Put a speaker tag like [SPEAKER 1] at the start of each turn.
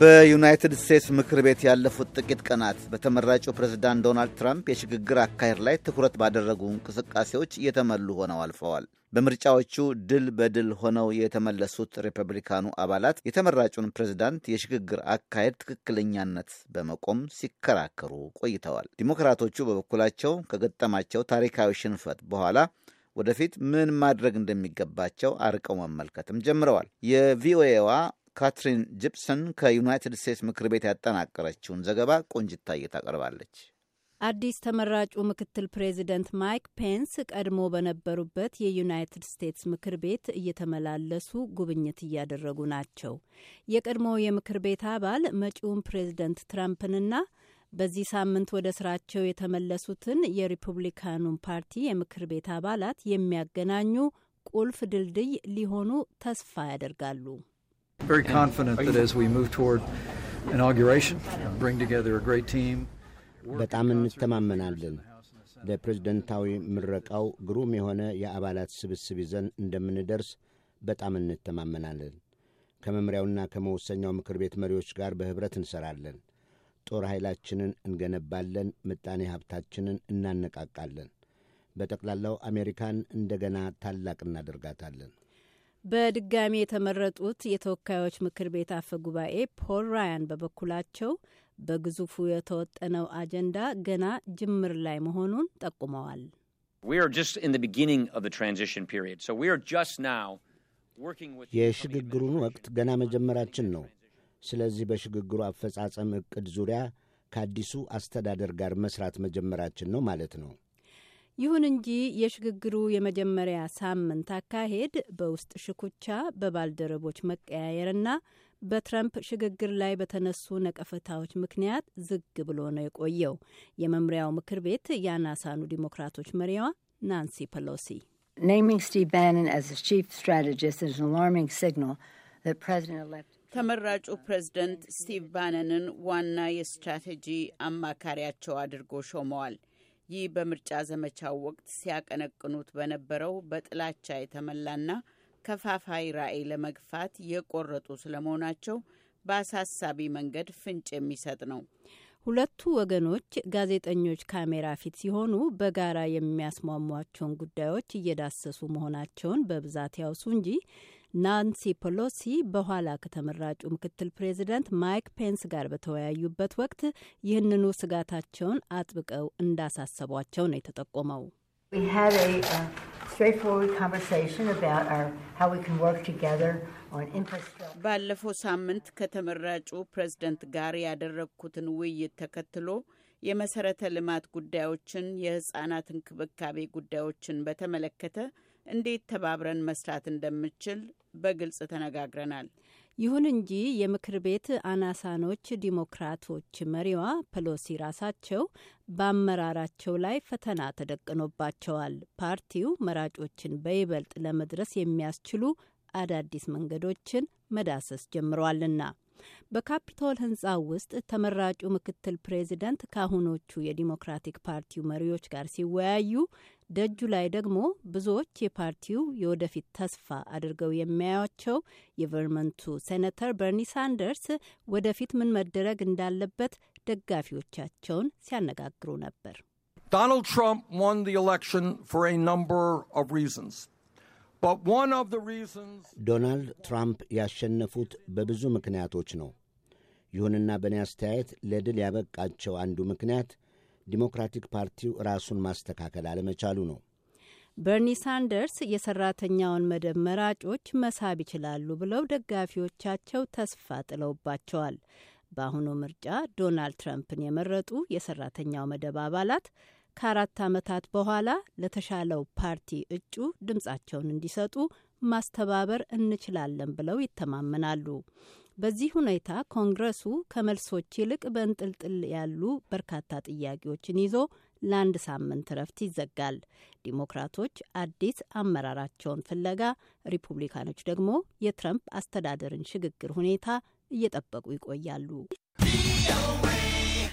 [SPEAKER 1] በዩናይትድ ስቴትስ ምክር ቤት ያለፉት ጥቂት ቀናት በተመራጩ ፕሬዝዳንት ዶናልድ ትራምፕ የሽግግር አካሄድ ላይ ትኩረት ባደረጉ እንቅስቃሴዎች እየተመሉ ሆነው አልፈዋል። በምርጫዎቹ ድል በድል ሆነው የተመለሱት ሪፐብሊካኑ አባላት የተመራጩን ፕሬዝዳንት የሽግግር አካሄድ ትክክለኛነት በመቆም ሲከራከሩ ቆይተዋል። ዲሞክራቶቹ በበኩላቸው ከገጠማቸው ታሪካዊ ሽንፈት በኋላ ወደፊት ምን ማድረግ እንደሚገባቸው አርቀው መመልከትም ጀምረዋል። የቪኦኤዋ ካትሪን ጂፕሰን ከዩናይትድ ስቴትስ ምክር ቤት ያጠናቀረችውን ዘገባ ቆንጅታዬ ታቀርባለች።
[SPEAKER 2] አዲስ ተመራጩ ምክትል ፕሬዚደንት ማይክ ፔንስ ቀድሞ በነበሩበት የዩናይትድ ስቴትስ ምክር ቤት እየተመላለሱ ጉብኝት እያደረጉ ናቸው። የቀድሞ የምክር ቤት አባል መጪውን ፕሬዚደንት ትራምፕንና በዚህ ሳምንት ወደ ስራቸው የተመለሱትን የሪፑብሊካኑን ፓርቲ የምክር ቤት አባላት የሚያገናኙ ቁልፍ ድልድይ ሊሆኑ ተስፋ ያደርጋሉ።
[SPEAKER 1] በጣም እንተማመናለን። ለፕሬዝደንታዊ ምረቃው ግሩም የሆነ የአባላት ስብስብ ይዘን እንደምንደርስ በጣም እንተማመናለን። ከመምሪያውና ከመወሰኛው ምክር ቤት መሪዎች ጋር በኅብረት እንሰራለን። ጦር ኃይላችንን እንገነባለን፣ ምጣኔ ሀብታችንን እናነቃቃለን፣ በጠቅላላው አሜሪካን እንደገና ታላቅ እናደርጋታለን።
[SPEAKER 2] በድጋሚ የተመረጡት የተወካዮች ምክር ቤት አፈ ጉባኤ ፖል ራያን በበኩላቸው በግዙፉ የተወጠነው አጀንዳ ገና ጅምር ላይ መሆኑን ጠቁመዋል።
[SPEAKER 1] የሽግግሩን ወቅት ገና መጀመራችን ነው። ስለዚህ በሽግግሩ አፈጻጸም እቅድ ዙሪያ ከአዲሱ አስተዳደር ጋር መስራት መጀመራችን ነው ማለት ነው።
[SPEAKER 2] ይሁን እንጂ የሽግግሩ የመጀመሪያ ሳምንት አካሄድ በውስጥ ሽኩቻ፣ በባልደረቦች መቀያየርና በትረምፕ ሽግግር ላይ በተነሱ ነቀፈታዎች ምክንያት ዝግ ብሎ ነው የቆየው። የመምሪያው ምክር ቤት የአናሳኑ ዲሞክራቶች መሪዋ ናንሲ ፐሎሲ ኔሚንግ ስቲቭ ባነን አስ ቺፍ ስትራቴጂስት ኢዝ አን አላርሚንግ ሲግናል ተመራጩ ፕሬዝደንት ስቲቭ ባነንን ዋና የስትራቴጂ አማካሪያቸው አድርጎ ሾመዋል። ይህ በምርጫ ዘመቻው ወቅት ሲያቀነቅኑት በነበረው በጥላቻ የተሞላና ከፋፋይ ራዕይ ለመግፋት የቆረጡ ስለመሆናቸው በአሳሳቢ መንገድ ፍንጭ የሚሰጥ ነው። ሁለቱ ወገኖች ጋዜጠኞች ካሜራ ፊት ሲሆኑ በጋራ የሚያስማሟቸውን ጉዳዮች እየዳሰሱ መሆናቸውን በብዛት ያውሱ እንጂ ናንሲ ፔሎሲ በኋላ ከተመራጩ ምክትል ፕሬዚደንት ማይክ ፔንስ ጋር በተወያዩበት ወቅት ይህንኑ ስጋታቸውን አጥብቀው እንዳሳሰቧቸው ነው የተጠቆመው። uh, ባለፈው ሳምንት ከተመራጩ ፕሬዝደንት ጋር ያደረግኩትን ውይይት ተከትሎ የመሰረተ ልማት ጉዳዮችን፣ የህጻናት እንክብካቤ ጉዳዮችን በተመለከተ እንዴት ተባብረን መስራት እንደምችል በግልጽ ተነጋግረናል። ይሁን እንጂ የምክር ቤት አናሳኖች ዲሞክራቶች መሪዋ ፐሎሲ ራሳቸው በአመራራቸው ላይ ፈተና ተደቅኖባቸዋል። ፓርቲው መራጮችን በይበልጥ ለመድረስ የሚያስችሉ አዳዲስ መንገዶችን መዳሰስ ጀምሯልና በካፒቶል ሕንጻ ውስጥ ተመራጩ ምክትል ፕሬዚደንት ከአሁኖቹ የዲሞክራቲክ ፓርቲው መሪዎች ጋር ሲወያዩ ደጁ ላይ ደግሞ ብዙዎች የፓርቲው የወደፊት ተስፋ አድርገው የሚያዩቸው የቨርመንቱ ሴኔተር በርኒ ሳንደርስ ወደፊት ምን መደረግ እንዳለበት ደጋፊዎቻቸውን ሲያነጋግሩ ነበር።
[SPEAKER 1] ዶናልድ ትራምፕ ወን ዘ ኤሌክሽን
[SPEAKER 2] ፎር ኤ ነምበር ኦፍ ሪዝንስ
[SPEAKER 1] ዶናልድ ትራምፕ ያሸነፉት በብዙ ምክንያቶች ነው። ይሁንና በእኔ አስተያየት ለድል ያበቃቸው አንዱ ምክንያት ዲሞክራቲክ ፓርቲው ራሱን ማስተካከል አለመቻሉ ነው።
[SPEAKER 2] በርኒ ሳንደርስ የሰራተኛውን መደብ መራጮች መሳብ ይችላሉ ብለው ደጋፊዎቻቸው ተስፋ ጥለውባቸዋል። በአሁኑ ምርጫ ዶናልድ ትራምፕን የመረጡ የሰራተኛው መደብ አባላት ከአራት ዓመታት በኋላ ለተሻለው ፓርቲ እጩ ድምጻቸውን እንዲሰጡ ማስተባበር እንችላለን ብለው ይተማመናሉ። በዚህ ሁኔታ ኮንግረሱ ከመልሶች ይልቅ በእንጥልጥል ያሉ በርካታ ጥያቄዎችን ይዞ ለአንድ ሳምንት እረፍት ይዘጋል። ዲሞክራቶች አዲስ አመራራቸውን ፍለጋ፣ ሪፑብሊካኖች ደግሞ የትረምፕ አስተዳደርን ሽግግር ሁኔታ እየጠበቁ ይቆያሉ።